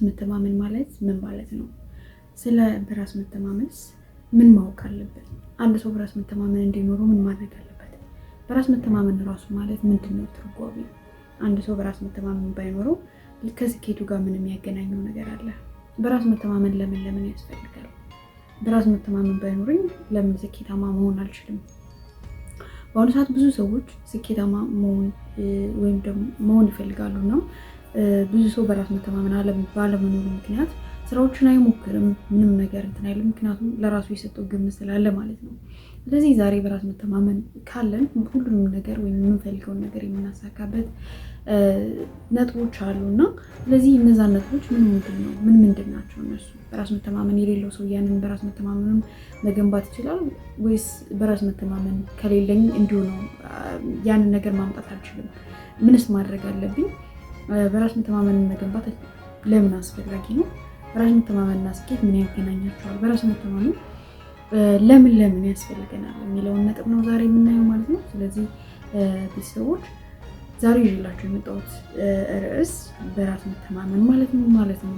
በራስ መተማመን ማለት ምን ማለት ነው? ስለ በራስ መተማመንስ ምን ማወቅ አለበት? አንድ ሰው በራስ መተማመን እንዲኖረው ምን ማድረግ አለበት? በራስ መተማመን ራሱ ማለት ምንድን ነው አንድ ሰው በራስ መተማመን ባይኖረው ከስኬቱ ጋር ምን የሚያገናኘው ነገር አለ? በራስ መተማመን ለምን ለምን ያስፈልጋል? በራስ መተማመን ባይኖርኝ ለምን ስኬታማ መሆን አልችልም? በአሁኑ ሰዓት ብዙ ሰዎች ስኬታማ መሆን ወይም ደግሞ መሆን ይፈልጋሉ ነው ብዙ ሰው በራስ መተማመን ባለመኖሩ ምክንያት ስራዎችን አይሞክርም፣ ምንም ነገር እንትን አይልም። ምክንያቱም ለራሱ የሰጠው ግምት ስላለ ማለት ነው። ስለዚህ ዛሬ በራስ መተማመን ካለን ሁሉንም ነገር ወይም የምንፈልገውን ነገር የምናሳካበት ነጥቦች አሉ እና ስለዚህ እነዛን ነጥቦች ምን ምንድን ነው? ምን ምንድን ናቸው እነሱ? በራስ መተማመን የሌለው ሰው ያንን በራስ መተማመኑን መገንባት ይችላል ወይስ በራስ መተማመን ከሌለኝ እንዲሁ ነው ያንን ነገር ማምጣት አልችልም? ምንስ ማድረግ አለብኝ? በራስ መተማመን መገንባት ለምን አስፈላጊ ነው? በራስ መተማመንና ስኬት ምን ያገናኛቸዋል? በራስ መተማመን ለምን ለምን ያስፈልገናል የሚለውን ነጥብ ነው ዛሬ የምናየው ማለት ነው። ስለዚህ ቤተሰቦች ዛሬ ይዤላቸው የመጣሁት ርዕስ በራስ መተማመን ማለት ነው ማለት ነው።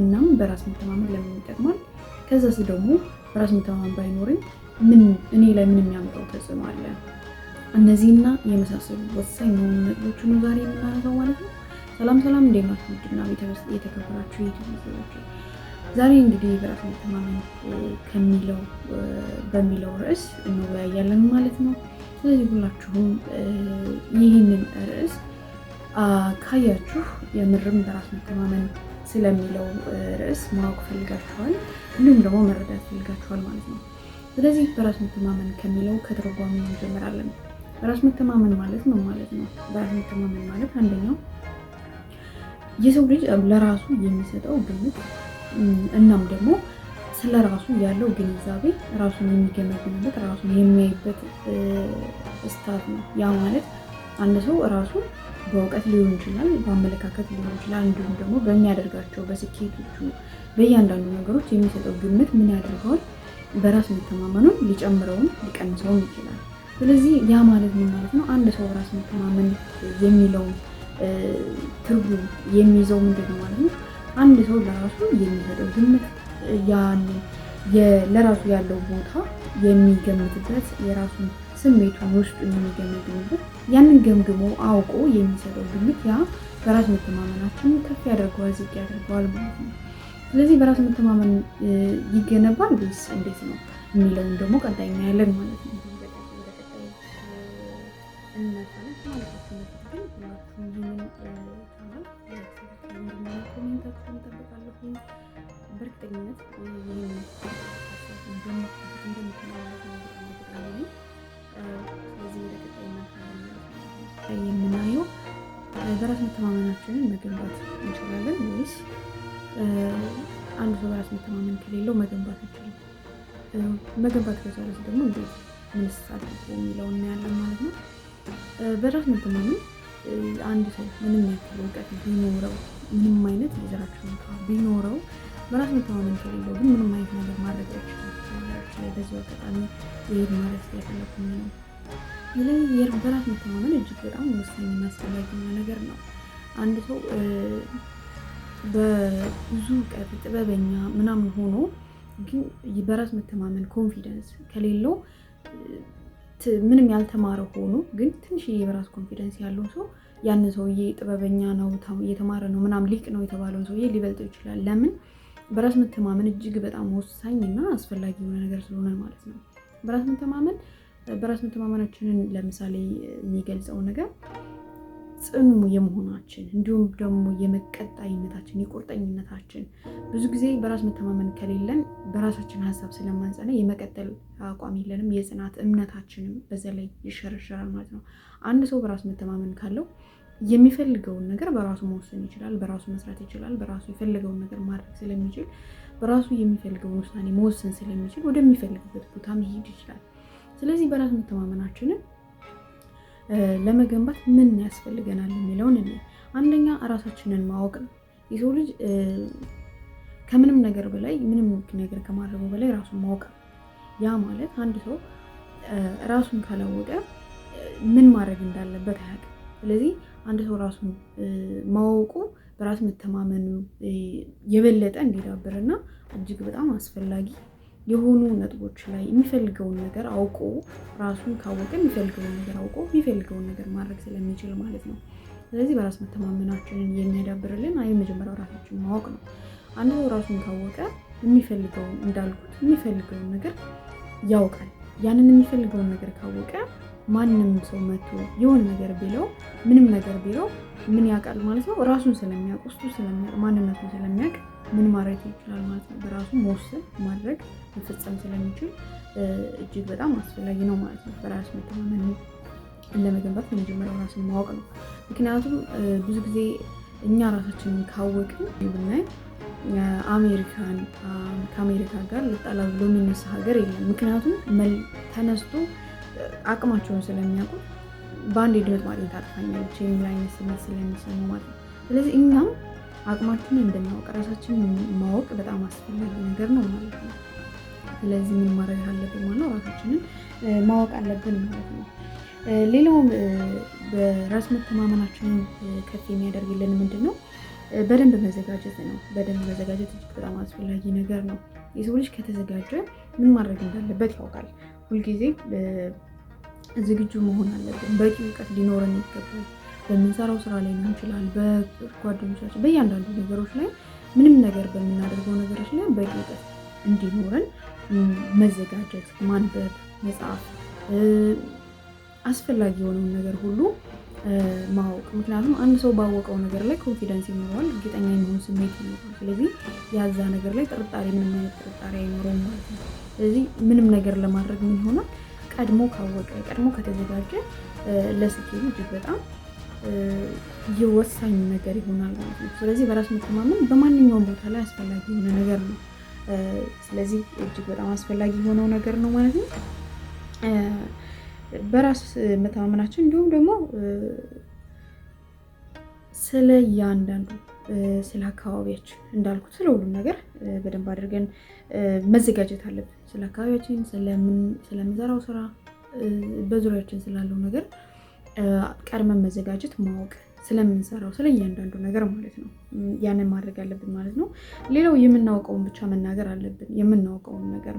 እናም በራስ መተማመን ለምን ይጠቅማል? ከዛስ ደግሞ በራስ መተማመን ባይኖርም ምን እኔ ላይ ምን የሚያመጣው ተጽዕኖ አለ? እነዚህና የመሳሰሉ ወሳኝ የሆኑ ነጥቦች ነው ዛሬ የምናነሳው ማለት ነው። ሰላም ሰላም፣ እንዴት ናችሁ? ውድና ቤተመስ የተከበራችሁ ዛሬ እንግዲህ በራስ መተማመን ከሚለው በሚለው ርዕስ እንወያያለን ማለት ነው። ስለዚህ ሁላችሁም ይህንን ርዕስ ካያችሁ የምርም በራስ መተማመን ስለሚለው ርዕስ ማወቅ ፈልጋችኋል፣ እንዲሁም ደግሞ መረዳት ፈልጋችኋል ማለት ነው። ስለዚህ በራስ መተማመን ከሚለው ከትርጓሜ እንጀምራለን። በራስ መተማመን ማለት ምን ማለት ነው? በራስ መተማመን ማለት አንደኛው የሰው ልጅ ለራሱ የሚሰጠው ግምት እናም ደግሞ ስለ ራሱ ያለው ግንዛቤ ራሱን የሚገመግምበት ራሱን የሚያይበት ስታት ነው። ያ ማለት አንድ ሰው ራሱን በእውቀት ሊሆን ይችላል፣ በአመለካከት ሊሆን ይችላል፣ እንዲሁም ደግሞ በሚያደርጋቸው በስኬቶቹ፣ በእያንዳንዱ ነገሮች የሚሰጠው ግምት ምን ያደርገዋል? በራስ መተማመኑን ሊጨምረውም ሊቀንሰውም ይችላል። ስለዚህ ያ ማለት ምን ማለት ነው? አንድ ሰው በራስ መተማመን የሚለውን ትርጉም የሚይዘው ምንድን ነው ማለት ነው። አንድ ሰው ለራሱ የሚሰጠው ግምት ያን ለራሱ ያለው ቦታ የሚገምትበት የራሱን ስሜቱን ውስጡ የሚገመግምበት ያንን ገምግሞ አውቆ የሚሰጠው ግምት ያ በራስ መተማመናችን ከፍ ያደርገዋል፣ ዝቅ ያደርገዋል ማለት ነው። ስለዚህ በራስ መተማመን ይገነባል ወይስ እንዴት ነው የሚለውን ደግሞ ቀጣይ እናያለን ማለት ነው። ይህንን ቻናል ኮሜንታችሁን እጠብቃለሁ። በእርግጠኝነት የምናየው በራስ መተማመናችንን መገንባት እንችላለን ወይስ አንድ ሰው በራስ መተማመን ከሌለው መገንባት አይችልም? መገንባት ከቻለስ ደግሞ እንዴት ምንስ አድርጎ የሚለውን እናያለን ማለት ነው። በራስ መተማመን አንድ ሰው ምንም ያክል እውቀት ቢኖረው ምንም አይነት የዘራቸው ሁኔታ ቢኖረው በራስ መተማመን ከሌለው ግን ምንም አይነት ነገር ማድረግ አይችልም። ነገሮች ላይ በዚ አጋጣሚ ይሄድ ማለት ያፈለኩኝ ነው። ይህ በራስ መተማመን እጅግ በጣም ወሳኝ አስፈላጊ ነገር ነው። አንድ ሰው በብዙ እውቀት ጥበበኛ ምናምን ሆኖ ግን በራስ መተማመን ኮንፊደንስ ከሌለው ምንም ያልተማረ ሆኖ ግን ትንሽዬ በራስ ኮንፊደንስ ያለው ሰው ያንን ሰውዬ ጥበበኛ ነው የተማረ ነው ምናምን ሊቅ ነው የተባለውን ሰውዬ ሊበልጠው ይችላል። ለምን? በራስ መተማመን እጅግ በጣም ወሳኝ እና አስፈላጊ የሆነ ነገር ስለሆነ ማለት ነው። በራስ መተማመን በራስ መተማመናችንን ለምሳሌ የሚገልጸው ነገር ጽኑ የመሆናችን እንዲሁም ደግሞ የመቀጣይነታችን የቁርጠኝነታችን ብዙ ጊዜ በራስ መተማመን ከሌለን በራሳችን ሀሳብ ስለማንጸና የመቀጠል አቋም የለንም። የጽናት እምነታችንም በዛ ላይ ይሸረሸራል ማለት ነው። አንድ ሰው በራስ መተማመን ካለው የሚፈልገውን ነገር በራሱ መወሰን ይችላል፣ በራሱ መስራት ይችላል፣ በራሱ የፈለገውን ነገር ማድረግ ስለሚችል በራሱ የሚፈልገውን ውሳኔ መወሰን ስለሚችል ወደሚፈልግበት ቦታ መሄድ ይችላል። ስለዚህ በራስ መተማመናችንን ለመገንባት ምን ያስፈልገናል የሚለውን እኔ አንደኛ እራሳችንን ማወቅ ነው። የሰው ልጅ ከምንም ነገር በላይ ምንም ነገር ከማድረጉ በላይ ራሱን ማወቅ ነው። ያ ማለት አንድ ሰው ራሱን ካላወቀ ምን ማድረግ እንዳለበት አያውቅም። ስለዚህ አንድ ሰው ራሱን ማወቁ በራስ መተማመኑ የበለጠ እና እጅግ በጣም አስፈላጊ የሆኑ ነጥቦች ላይ የሚፈልገውን ነገር አውቆ ራሱን ካወቀ የሚፈልገውን ነገር አውቆ የሚፈልገውን ነገር ማድረግ ስለሚችል ማለት ነው። ስለዚህ በራስ መተማመናችንን የሚያዳብርልን አይ መጀመሪያው ራሳችን ማወቅ ነው። አንድ ሰው ራሱን ካወቀ የሚፈልገውን እንዳልኩት የሚፈልገውን ነገር ያውቃል። ያንን የሚፈልገውን ነገር ካወቀ ማንም ሰው መቶ የሆን ነገር ቢለው ምንም ነገር ቢለው ምን ያውቃል ማለት ነው። ራሱን ስለሚያውቅ ውስጡ ስለሚያውቅ ማንነቱን ስለሚያውቅ ምን ማድረግ ይችላል ማለት ነው። በራሱ መወሰን ማድረግ መፈጸም ስለሚችል እጅግ በጣም አስፈላጊ ነው ማለት ነው። በራስ መተማመን ለመገንባት የመጀመሪያው ራስን ማወቅ ነው። ምክንያቱም ብዙ ጊዜ እኛ ራሳችንን ካወቅን ብናይ አሜሪካን ከአሜሪካ ጋር ልጣላ ብሎ የሚነሳ ሀገር የለም። ምክንያቱም ተነስቶ አቅማቸውን ስለሚያውቁት በአንድ ድመት ማግኘት አጥፋኛለች የሚል አይነት ስሜት ስለሚሰሙ ማለት ነው። ስለዚህ እኛም አቅማችን እንድናውቅ ራሳችን ማወቅ በጣም አስፈላጊ ነገር ነው ማለት ነው። ስለዚህ ምን ማድረግ አለብን ነው ራሳችንን ማወቅ አለብን ማለት ነው። ሌላውም በራስ መተማመናችንን ከፍ የሚያደርግልን ምንድን ነው? በደንብ መዘጋጀት ነው። በደንብ መዘጋጀት እጅግ በጣም አስፈላጊ ነገር ነው። የሰው ልጅ ከተዘጋጀ ምን ማድረግ እንዳለበት ያውቃል። ሁልጊዜ ዝግጁ መሆን አለብን። በቂ እውቀት ሊኖረን ይገባል። በምንሰራው ስራ ላይ ሊሆን ይችላል፣ በጓደኞቻችን፣ በእያንዳንዱ ነገሮች ላይ ምንም ነገር በምናደርገው ነገሮች ላይ በቂ እውቀት እንዲኖረን መዘጋጀት፣ ማንበብ፣ መጽሐፍ አስፈላጊ የሆነውን ነገር ሁሉ ማወቅ። ምክንያቱም አንድ ሰው ባወቀው ነገር ላይ ኮንፊደንስ ይኖረዋል፣ እርግጠኛ የሚሆን ስሜት ይኖረዋል። ስለዚህ ያዛ ነገር ላይ ጥርጣሬ፣ ምንም አይነት ጥርጣሬ አይኖረውም ማለት ነው። ስለዚህ ምንም ነገር ለማድረግ ምን ይሆናል? ቀድሞ ካወቀ፣ ቀድሞ ከተዘጋጀ ለስኬቱ እጅግ በጣም የወሳኝ ነገር ይሆናል ማለት ነው። ስለዚህ በራስ መተማመን በማንኛውም ቦታ ላይ አስፈላጊ የሆነ ነገር ነው። ስለዚህ እጅግ በጣም አስፈላጊ የሆነው ነገር ነው ማለት ነው። በራስ መተማመናችን እንዲሁም ደግሞ ስለ እያንዳንዱ ስለ አካባቢያችን እንዳልኩት ስለ ሁሉም ነገር በደንብ አድርገን መዘጋጀት አለብን። ስለ አካባቢያችን፣ ስለምንሰራው ስራ፣ በዙሪያችን ስላለው ነገር ቀድመን መዘጋጀት ማወቅ ስለምንሰራው ስለ እያንዳንዱ ነገር ማለት ነው። ያንን ማድረግ አለብን ማለት ነው። ሌላው የምናውቀውን ብቻ መናገር አለብን። የምናውቀውን ነገር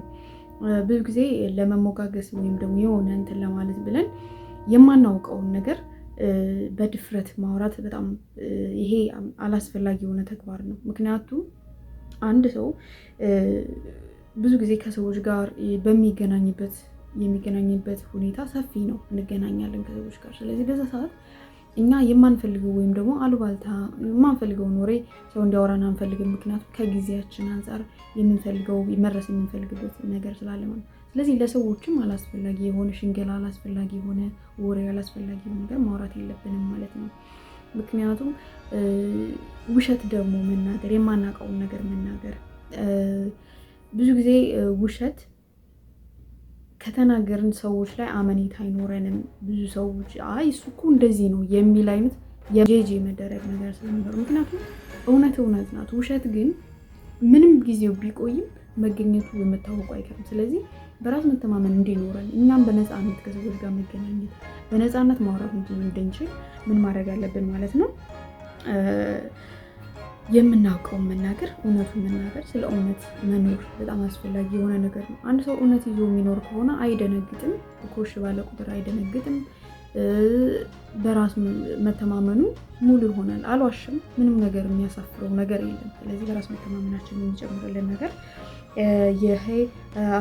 ብዙ ጊዜ ለመሞጋገስ ወይም ደግሞ የሆነ እንትን ለማለት ብለን የማናውቀውን ነገር በድፍረት ማውራት በጣም ይሄ አላስፈላጊ የሆነ ተግባር ነው። ምክንያቱም አንድ ሰው ብዙ ጊዜ ከሰዎች ጋር በሚገናኝበት የሚገናኝበት ሁኔታ ሰፊ ነው። እንገናኛለን ከሰዎች ጋር ስለዚህ በዛ ሰዓት እኛ የማንፈልገው ወይም ደግሞ አሉባልታ የማንፈልገውን ወሬ ሰው እንዲያወራን አንፈልግም። ምክንያቱም ከጊዜያችን አንጻር የምንፈልገው መድረስ የምንፈልግበት ነገር ስላለ ነው። ስለዚህ ለሰዎችም አላስፈላጊ የሆነ ሽንገላ፣ አላስፈላጊ የሆነ ወሬ፣ አላስፈላጊ የሆነ ነገር ማውራት የለብንም ማለት ነው። ምክንያቱም ውሸት ደግሞ መናገር የማናውቀውን ነገር መናገር ብዙ ጊዜ ውሸት ከተናገርን ሰዎች ላይ አመኔት አይኖረንም። ብዙ ሰዎች አይ እሱ እኮ እንደዚህ ነው የሚል አይነት የጄጅ መደረግ ነገር ስለነበር፣ ምክንያቱም እውነት እውነት ናት። ውሸት ግን ምንም ጊዜው ቢቆይም መገኘቱ የምታወቁ አይቀርም። ስለዚህ በራስ መተማመን እንዲኖረን እኛም በነፃነት ከሰዎች ጋር መገናኘት በነፃነት ማውራት እንድንችል ምን ማድረግ አለብን ማለት ነው። የምናውቀውን መናገር እውነቱን መናገር ስለ እውነት መኖር በጣም አስፈላጊ የሆነ ነገር ነው። አንድ ሰው እውነት ይዞ የሚኖር ከሆነ አይደነግጥም፣ ኮሽ ባለ ቁጥር አይደነግጥም። በራስ መተማመኑ ሙሉ ይሆናል። አልዋሽም፣ ምንም ነገር የሚያሳፍረው ነገር የለም። ስለዚህ በራስ መተማመናችን የሚጨምርልን ነገር ይሄ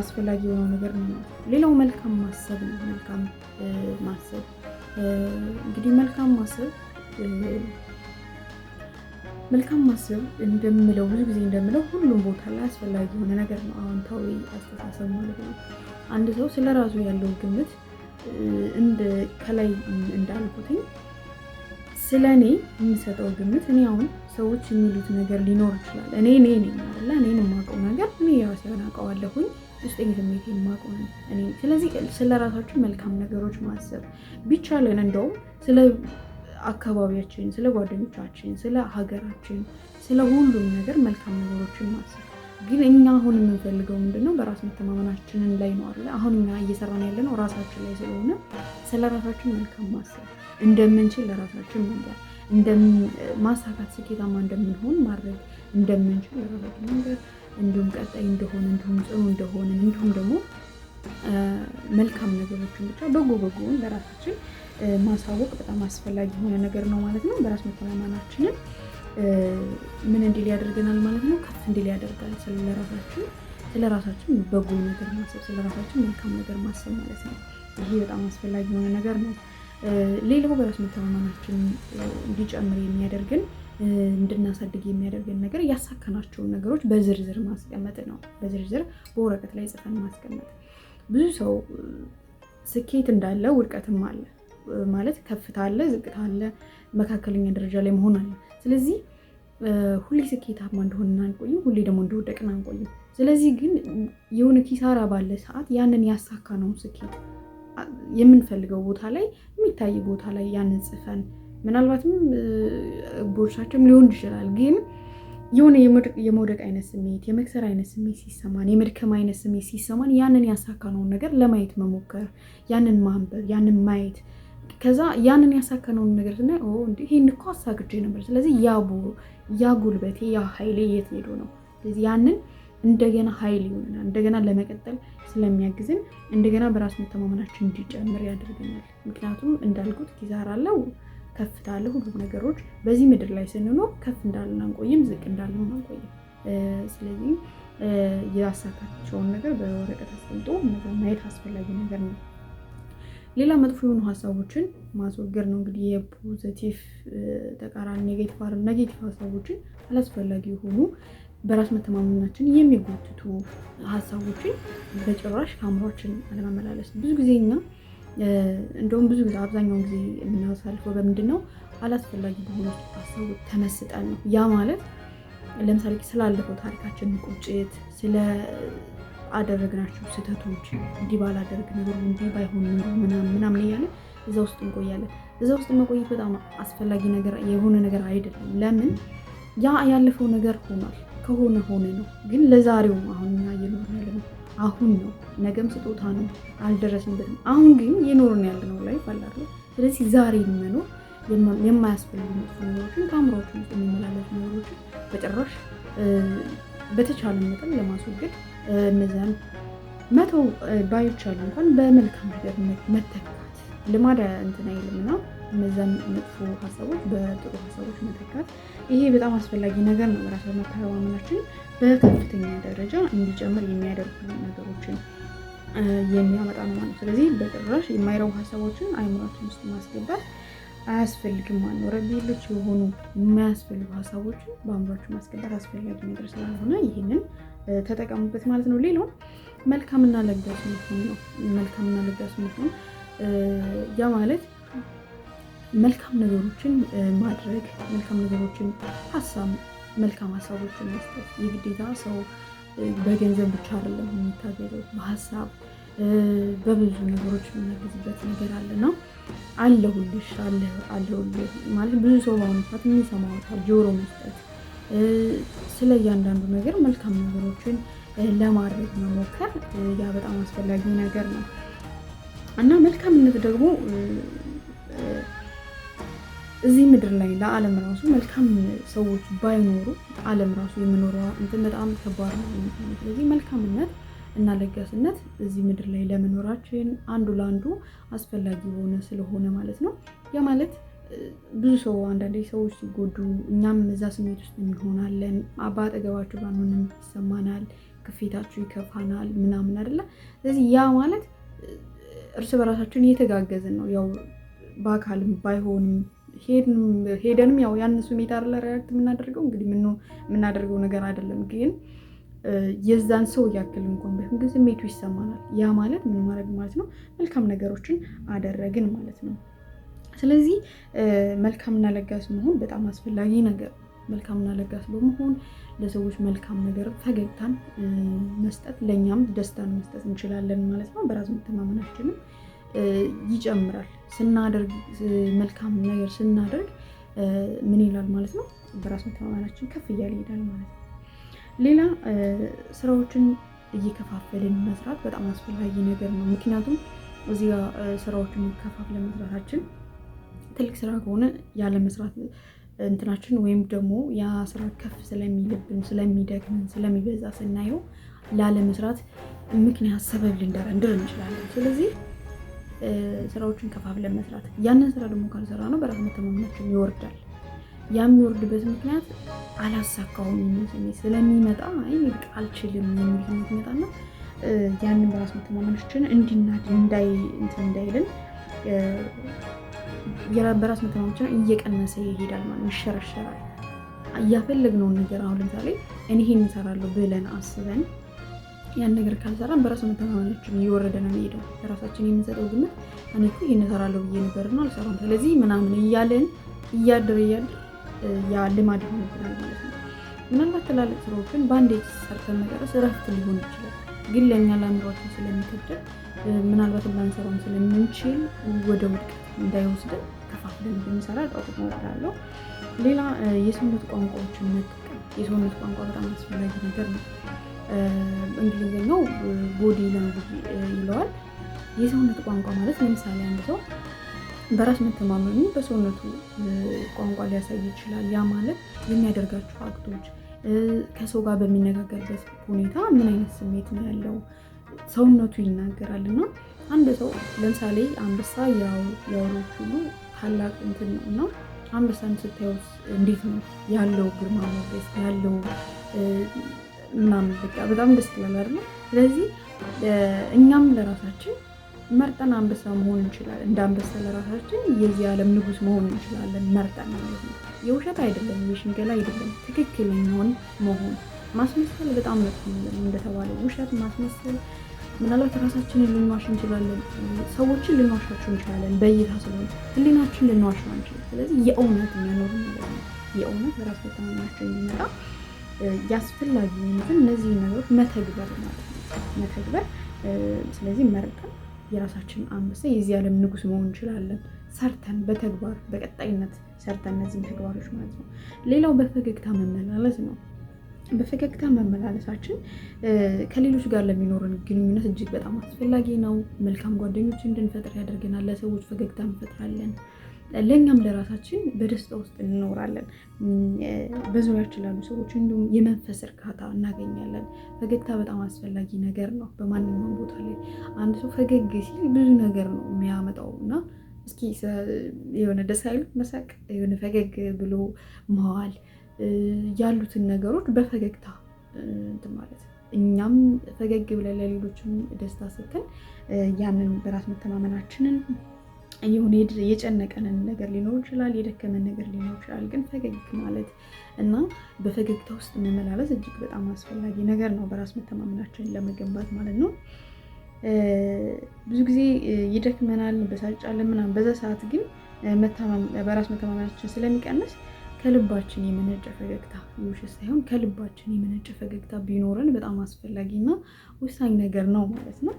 አስፈላጊ የሆነው ነገር ነው። ሌላው መልካም ማሰብ ነው። መልካም ማሰብ እንግዲህ መልካም ማሰብ መልካም ማሰብ እንደምለው ብዙ ጊዜ እንደምለው ሁሉም ቦታ ላይ አስፈላጊ የሆነ ነገር ነው፣ አዎንታዊ አስተሳሰብ ማለት ነው። አንድ ሰው ስለ ራሱ ያለው ግምት እንደ ከላይ እንዳልኩትኝ ስለ እኔ የሚሰጠው ግምት እኔ አሁን ሰዎች የሚሉት ነገር ሊኖር ይችላል። እኔ እኔ ነኝ አይደለ? እኔን የማውቀው ነገር እኔ የራሴን አውቀዋለሁኝ ውስጠኝ ስሜት የማውቀው ነኝ እኔ። ስለዚህ ስለ ራሳችን መልካም ነገሮች ማሰብ ቢቻለን እንደውም ስለ አካባቢያችን፣ ስለ ጓደኞቻችን፣ ስለ ሀገራችን፣ ስለ ሁሉም ነገር መልካም ነገሮችን ማሰብ። ግን እኛ አሁን የምንፈልገው ምንድነው? በራስ መተማመናችንን ላይ ነው አለ። አሁን እኛ እየሰራን ያለነው ራሳችን ላይ ስለሆነ ስለ ራሳችን መልካም ማሰብ እንደምንችል ለራሳችን መንገር ማሳካት ስኬታማ እንደምንሆን ማድረግ እንደምንችል ለራሳችን መንገር እንዲሁም ቀጣይ እንደሆነ እንዲሁም ጽኑ እንደሆነ እንዲሁም ደግሞ መልካም ነገሮችን ብቻ በጎ በጎውን ለራሳችን ማሳወቅ በጣም አስፈላጊ የሆነ ነገር ነው ማለት ነው። በራስ መተማመናችንን ምን እንዲል ያደርገናል ማለት ነው፣ ከፍ እንዲል ያደርጋል። ስለራሳችን ስለራሳችን በጎ ነገር ማሰብ፣ ስለራሳችን መልካም ነገር ማሰብ ማለት ነው። ይሄ በጣም አስፈላጊ የሆነ ነገር ነው። ሌላው በራስ መተማመናችን እንዲጨምር የሚያደርግን እንድናሳድግ የሚያደርገን ነገር ያሳካናቸውን ነገሮች በዝርዝር ማስቀመጥ ነው። በዝርዝር በወረቀት ላይ ጽፈን ማስቀመጥ ብዙ ሰው ስኬት እንዳለ ውድቀትም አለ ማለት ከፍታ አለ፣ ዝቅታ አለ፣ መካከለኛ ደረጃ ላይ መሆን አለ። ስለዚህ ሁሌ ስኬታማ እንደሆንን አንቆይም፣ ሁሌ ደግሞ እንደወደቅን አንቆይም። ስለዚህ ግን የሆነ ኪሳራ ባለ ሰዓት ያንን ያሳካ ነው ስኬት የምንፈልገው ቦታ ላይ የሚታይ ቦታ ላይ ያንን ጽፈን ምናልባትም ቦርሳችንም ሊሆን ይችላል ግን የሆነ የመውደቅ አይነት ስሜት፣ የመክሰር አይነት ስሜት ሲሰማን፣ የመድከም አይነት ስሜት ሲሰማን ያንን ያሳካነውን ነገር ለማየት መሞከር፣ ያንን ማንበብ፣ ያንን ማየት ከዛ ያንን ያሳካነውን ነገር ስናይ እንዲ ይህን እኮ አሳግጄ ነበር። ስለዚህ ያ ያ ጉልበቴ ያ ኃይሌ የት ሄዶ ነው? ስለዚህ ያንን እንደገና ኃይል ይሆነናል። እንደገና ለመቀጠል ስለሚያግዝን እንደገና በራስ መተማመናችን እንዲጨምር ያደርገናል። ምክንያቱም እንዳልኩት ኪሳራ አለው ከፍታለ ሁሉም ነገሮች በዚህ ምድር ላይ ስንኖር ከፍ እንዳለን አንቆይም፣ ዝቅ እንዳለን አንቆይም። ስለዚህ ያሳካቸውን ነገር በወረቀት አስቀምጦ ማየት አስፈላጊ ነገር ነው። ሌላ መጥፎ የሆኑ ሀሳቦችን ማስወገድ ነው። እንግዲህ የፖዘቲቭ ተቃራኒ ኔጌቲቭ ሀሳቦችን አላስፈላጊ የሆኑ በራስ መተማመናችን የሚጎትቱ ሀሳቦችን በጭራሽ ከአእምሯችን አለመመላለስ ብዙ ጊዜ እንደውም ብዙ ጊዜ አብዛኛውን ጊዜ የምናሳልፈው በምንድን ነው? አላስፈላጊ በሆኑ ሀሳቦች ተመስጠን ነው። ያ ማለት ለምሳሌ ስላለፈው ታሪካችን ቁጭት፣ ስለ አደረግናቸው ስህተቶች፣ እንዲህ ባላደርግ ኖሮ እንዲህ ባይሆን ምናምን እያለ እዛ ውስጥ እንቆያለን። እዛ ውስጥ መቆየት በጣም አስፈላጊ ነገር የሆነ ነገር አይደለም። ለምን ያ ያለፈው ነገር ሆኗል፣ ከሆነ ሆነ ነው። ግን ለዛሬው አሁን እየኖር አሁን ነው፣ ነገም ስጦታ ነው፣ አልደረስንበትም። አሁን ግን የኖርን ያለነው ላይ አላለ። ስለዚህ ዛሬ መኖር የማያስፈልጉ ነገሮችን ከአእምሯችን ውስጥ የሚመላለሱ ነገሮችን በጭራሽ በተቻለ መጠን ለማስወገድ እነዚያን መተው ባዮች አሉ እንኳን በመልካም ነገር መተካት ልማድ እንትን አይልምና እነዛን መጥፎ ሀሳቦች በጥሩ ሀሳቦች መተካት፣ ይሄ በጣም አስፈላጊ ነገር ነው። በራስ መተማመናችን በከፍተኛ ደረጃ እንዲጨምር የሚያደርጉ ነገሮችን የሚያመጣ ነው ማለት ስለዚህ በጭራሽ የማይረቡ ሀሳቦችን አይምሯችን ውስጥ ማስገባት አያስፈልግም ማለት ነው። ረቢሎች የሆኑ የማያስፈልጉ ሀሳቦችን በአእምሯችን ማስገባት አስፈላጊ ነገር ስለሆነ ይህንን ተጠቀሙበት ማለት ነው። ሌላው መልካምና ለጋስ መሆን ነው። መልካምና ለጋስ መሆን ያ ማለት መልካም ነገሮችን ማድረግ፣ መልካም ነገሮችን ሀሳብ፣ መልካም ሀሳቦችን መስጠት የግዴታ ሰው በገንዘብ ብቻ አይደለም የሚታገለው በሀሳብ በብዙ ነገሮች የምናገዝበት ነገር አለ ነው አለሁልሽ አለሁልሽ ማለት ብዙ ሰው በአሁኑ ሰዓት ጆሮ መስጠት ስለ እያንዳንዱ ነገር መልካም ነገሮችን ለማድረግ መሞከር ያ በጣም አስፈላጊ ነገር ነው እና መልካምነት ደግሞ እዚህ ምድር ላይ ለዓለም ራሱ መልካም ሰዎች ባይኖሩ ዓለም ራሱ የመኖሪያ እንትን በጣም ከባድ ነው። ስለዚህ መልካምነት እና ለጋስነት እዚህ ምድር ላይ ለመኖራችን አንዱ ለአንዱ አስፈላጊ የሆነ ስለሆነ ማለት ነው። ያ ማለት ብዙ ሰው አንዳንዴ ሰዎች ሲጎዱ እኛም እዛ ስሜት ውስጥ እንሆናለን። በአጠገባቸው ባንሆንም ይሰማናል፣ ክፌታቸው ይከፋናል ምናምን አይደለ። ስለዚህ ያ ማለት እርስ በራሳችን እየተጋገዝን ነው ያው በአካልም ባይሆንም ሄደንም ያው ያንሱ ሁኔታ አለ ሪያክት የምናደርገው እንግዲህ የምናደርገው ነገር አይደለም ግን የዛን ሰው እያክል እንኳን ባይሆን ግን ስሜቱ ይሰማናል። ያ ማለት ምን ማድረግ ማለት ነው? መልካም ነገሮችን አደረግን ማለት ነው። ስለዚህ መልካምና ለጋስ መሆን በጣም አስፈላጊ ነገር ነው። መልካምና ለጋስ በመሆን ለሰዎች መልካም ነገር ፈገግታን መስጠት ለእኛም ደስታን መስጠት እንችላለን ማለት ነው። በራስ መተማመናችንም ይጨምራል። ስናደርግ መልካም ነገር ስናደርግ ምን ይላል ማለት ነው፣ በራስ መተማመናችን ከፍ እያለ ይሄዳል ማለት ነው። ሌላ ስራዎችን እየከፋፈልን መስራት በጣም አስፈላጊ ነገር ነው። ምክንያቱም እዚህ ጋ ስራዎችን ከፋፍለን መስራታችን ትልቅ ስራ ከሆነ ያለ መስራት እንትናችን ወይም ደግሞ ያ ስራ ከፍ ስለሚልብን ስለሚደግምን ስለሚበዛ ስናየው ላለመስራት ምክንያት ሰበብ ልንደረድር እንችላለን። ስለዚህ ስራዎችን ከፋፍለን መስራት። ያንን ስራ ደግሞ ካልሰራ ነው በራስ መተማመናችን ይወርዳል። ያ የሚወርድበት ምክንያት አላሳካሁም የሚል ስሜት ስለሚመጣ ይልቅ አልችልም የሚል ስሜት ይመጣና ያንን በራስ መተማመናችን እንዲናድ እንዳይልን በራስ መተማመናችን እየቀነሰ ይሄዳል ማለት ይሸረሸራል። እያፈለግነውን ነገር አሁን ለምሳሌ እኔ ይሄን እሰራለሁ ብለን አስበን ያን ነገር ካልሰራን በራስ መተማመናችን እየወረደ ነው የሚሄደው። ለራሳችን የምንሰጠው ግምት እኔ እኮ ይሄን እሰራለሁ ብዬ ነበርና አልሰራም፣ ስለዚህ ምናምን እያለን እያድር እያደር ያ ልማድ ሆኖብናል ማለት ነው። ምናልባት ትላልቅ ስራዎችን በአንድ ሰርተን መጨረስ እረፍት ሊሆን ይችላል፣ ግን ለእኛ ለአእምሯችን ስለሚከብደን ምናልባት ላንሰራውም ስለምንችል ወደ ውድቀት እንዳይወስደን ከፋፍለን ብንሰራ ጠቁት እወዳለሁ። ሌላ የሰውነት ቋንቋዎችን መጠቀም፣ የሰውነት ቋንቋ በጣም አስፈላጊ ነገር ነው። እንግሊዝኛው ቦዲ ላንጉጅ ይለዋል። የሰውነት ቋንቋ ማለት ለምሳሌ አንድ ሰው በራስ መተማመኑ በሰውነቱ ቋንቋ ሊያሳይ ይችላል። ያ ማለት የሚያደርጋቸው አክቶች፣ ከሰው ጋር በሚነጋገርበት ሁኔታ ምን አይነት ስሜት ነው ያለው ሰውነቱ ይናገራል። እና አንድ ሰው ለምሳሌ አንበሳ የአውሬዎች ሁሉ ታላቅ እንትን ነው እና አንበሳን ስታዩት እንዴት ነው ያለው ግርማ ሞገስ ያለው ምናምን በቃ በጣም ደስ ይለናል ነው። ስለዚህ እኛም ለራሳችን መርጠን አንበሳ መሆን እንችላለን። እንደ አንበሳ ለራሳችን የዚህ ዓለም ንጉስ መሆን እንችላለን መርጠን ማለት ነው። የውሸት አይደለም፣ የሽንገላ አይደለም። ትክክለኛውን መሆን ማስመሰል በጣም መጥፎ ነገር እንደተባለ ውሸት ማስመሰል ምናልባት ራሳችንን ልንዋሽ እንችላለን። ሰዎችን ልንዋሻቸው እንችላለን። በእይታ ስለሆነ ህሊናችን ልንዋሻው እንችላለን። ስለዚህ የእውነት የሚያኖር ነገር ነው። የእውነት በራስ መተማመናቸው የሚመጣ ያስፈላጊ የሆኑትን እነዚህ ነገሮች መተግበር ማለት ነው። መተግበር ስለዚህ መርጠን የራሳችን አንበሳ የዚህ ዓለም ንጉስ መሆን እንችላለን። ሰርተን በተግባር በቀጣይነት ሰርተን እነዚህን ተግባሮች ማለት ነው። ሌላው በፈገግታ መመላለስ ነው። በፈገግታ መመላለሳችን ከሌሎች ጋር ለሚኖረን ግንኙነት እጅግ በጣም አስፈላጊ ነው። መልካም ጓደኞች እንድንፈጥር ያደርገናል። ለሰዎች ፈገግታ እንፈጥራለን። ለእኛም ለራሳችን በደስታ ውስጥ እንኖራለን። በዙሪያችን ላሉ ሰዎች እንዲሁም የመንፈስ እርካታ እናገኛለን። ፈገግታ በጣም አስፈላጊ ነገር ነው። በማንኛውም ቦታ ላይ አንድ ሰው ፈገግ ሲል ብዙ ነገር ነው የሚያመጣው እና እስኪ የሆነ ደስ አይሉ መሳቅ፣ የሆነ ፈገግ ብሎ መዋል ያሉትን ነገሮች በፈገግታ እንትን ማለት ነው። እኛም ፈገግ ብለን ለሌሎችም ደስታ ስትል ያንን በራስ መተማመናችንን የሆነ የጨነቀንን ነገር ሊኖር ይችላል፣ የደከመን ነገር ሊኖር ይችላል። ግን ፈገግ ማለት እና በፈገግታ ውስጥ መመላለስ እጅግ በጣም አስፈላጊ ነገር ነው፣ በራስ መተማመናችንን ለመገንባት ማለት ነው። ብዙ ጊዜ ይደክመናል፣ በሳጫለ ምናምን። በዛ ሰዓት ግን በራስ መተማመናችን ስለሚቀንስ ከልባችን የመነጨ ፈገግታ የውሸት ሳይሆን ከልባችን የመነጨ ፈገግታ ቢኖረን በጣም አስፈላጊና ወሳኝ ነገር ነው ማለት ነው።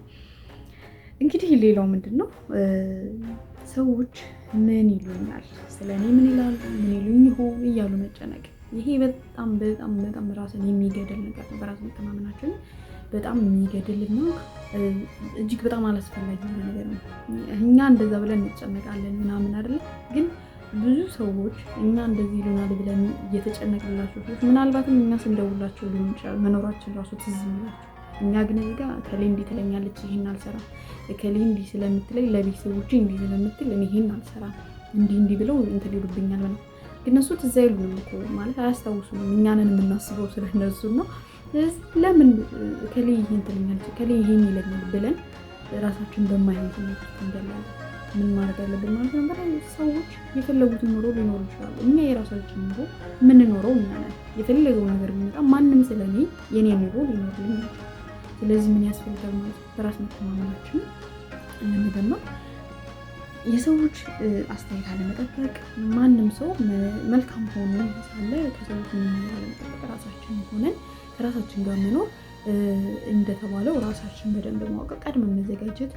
እንግዲህ ሌላው ምንድን ነው? ሰዎች ምን ይሉኛል፣ ስለ እኔ ምን ይላሉ፣ ምን ይሉኝ ይሆን እያሉ መጨነቅ፣ ይሄ በጣም በጣም በጣም ራስን የሚገድል ነገር ነው። በራስ መተማመናችን በጣም የሚገድል ነው። እጅግ በጣም አላስፈላጊ ነገር ነው። እኛ እንደዛ ብለን እንጨነቃለን ምናምን አይደለም ግን ብዙ ሰዎች እኛ እንደዚህ ይሉናል ብለን እየተጨነቅላቸው ሰዎች ምናልባትም እኛ ስንደውላቸው ሊሆን ይችላል መኖራችን ራሱ ትዝ ይላቸው እኛ ግን እዚህ ጋር ከሌ እንዲህ ትለኛለች ይሄን አልሰራም፣ ከሌ እንዲህ ስለምትለኝ ለቤተሰቦቼ እንዲህ ስለምትል እኔ ይሄን አልሰራም እንዲህ እንዲህ ብለው እንትን ይሉብኛል ነው። ግን እነሱ ትዝ አይሉንም እኮ ማለት አያስታውሱንም። እኛንን የምናስበው ስለነሱ ነው። ለምን ከሌ ይሄን ትለኛለች፣ ከሌ ይሄን ይለኛል ብለን ራሳችን በማይሆን በማይነት እንደላለ ምን ማድረግ አለብን ማለት ነው። በጣም ሰዎች የፈለጉትን ኑሮ ሊኖሩ ይችላሉ። እኛ የራሳችን ኑሮ የምንኖረው እኛ ነን። የፈለገው ነገር ቢመጣ ማንም ስለኔ የኔ ኑሮ ይችላል። ስለዚህ ምን ያስፈልጋል ማለት ነው? በራስ መተማመናችንን ነው የሰዎች አስተያየት አለመጠበቅ፣ ማንም ሰው መልካም ሆኖ ሳለ ከሰዎች አለመጠበቅ፣ ራሳችን ሆነን ከራሳችን ጋር መኖር እንደተባለው ራሳችን በደንብ ማወቅ፣ ቀድመ መዘጋጀት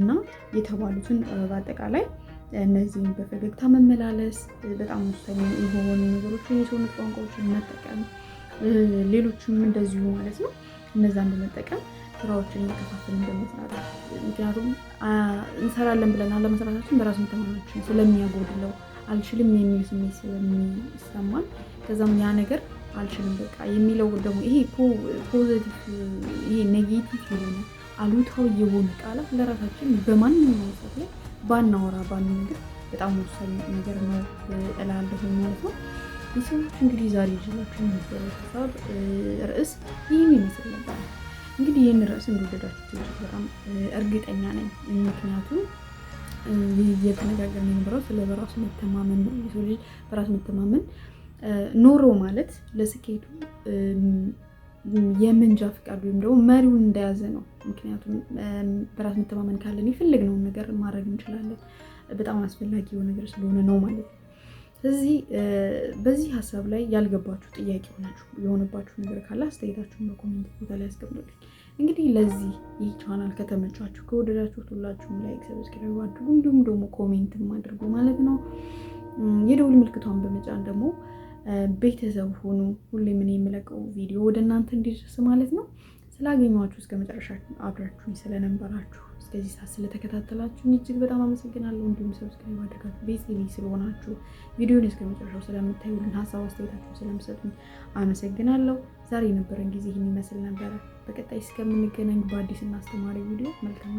እና የተባሉትን በአጠቃላይ እነዚህም በፈገግታ መመላለስ በጣም ወሳኝ የሆኑ ነገሮችን የሰውነት ቋንቋዎችን መጠቀም ሌሎችም እንደዚሁ ማለት ነው። እነዛን በመጠቀም ስራዎችን እየከፋፈልን በመስራት ምክንያቱም እንሰራለን ብለን አለመስራታችን በራሱ ተማናችን ስለሚያጎድለው አልችልም የሚል ስሜት ስለሚሰማን ከዛም ያ ነገር አልችልም በቃ የሚለው ደግሞ ይሄ ፖዘቲቭ ይሄ ኔጌቲቭ የሆነ አሉታዊ የሆኑ ቃላት ለራሳችን በማንኛውም ሰዓት ላይ ባናወራ ባንነግር በጣም ወሳኝ ነገር ነው እላለሁ ማለት ነው። ቤተሰቦች እንግዲህ ዛሬ ይዤላችሁ የሚገኘው ሀሳብ ርዕስ ይህን ይመስል ነበር። እንግዲህ ይህን ርዕስ እንደወደዳችሁ በጣም እርግጠኛ ነኝ። ምክንያቱም እየተነጋገርን የነበረው ስለ በራሱ መተማመን ነው። የሰው ልጅ በራሱ መተማመን ኖሮ ማለት ለስኬቱ የመንጃ ፈቃድ ወይም ደግሞ መሪውን እንደያዘ ነው። ምክንያቱም በራስ መተማመን ካለን የፈለግነውን ነገር ማድረግ እንችላለን። በጣም አስፈላጊ የሆነ ነገር ስለሆነ ነው ማለት ነው። ስለዚህ በዚህ ሀሳብ ላይ ያልገባችሁ ጥያቄ ሆናችሁ የሆነባችሁ ነገር ካለ አስተያየታችሁን በኮሜንት ቦታ ላይ ያስቀምጡልኝ። እንግዲህ ለዚህ ይህ ቻናል ከተመቻችሁ ከወደዳችሁ ሁላችሁም ላይክ፣ ሰብስክራይብ አድርጉ፣ እንዲሁም ደግሞ ኮሜንትም አድርጉ ማለት ነው። የደውል ምልክቷን በመጫን ደግሞ ቤተሰብ ሆኑ። ሁሌም እኔ የምለቀው ቪዲዮ ወደ እናንተ እንዲደርስ ማለት ነው። ስላገኘኋችሁ እስከ መጨረሻ አብራችሁኝ ስለነበራችሁ እስከዚህ ሰዓት ስለተከታተላችሁ እጅግ በጣም አመሰግናለሁ። እንዲሁም ሰብስክራይብ ማድረጋችሁ ቤተሰብ ስለሆናችሁ ቪዲዮን እስከመጨረሻው ስለምታዩልን ሀሳብ አስተያየታችሁ ስለምሰጡኝ አመሰግናለሁ። ዛሬ የነበረን ጊዜ ይህን ይመስል ነበረ። በቀጣይ እስከምንገናኝ በአዲስና አስተማሪ ቪዲዮ መልካም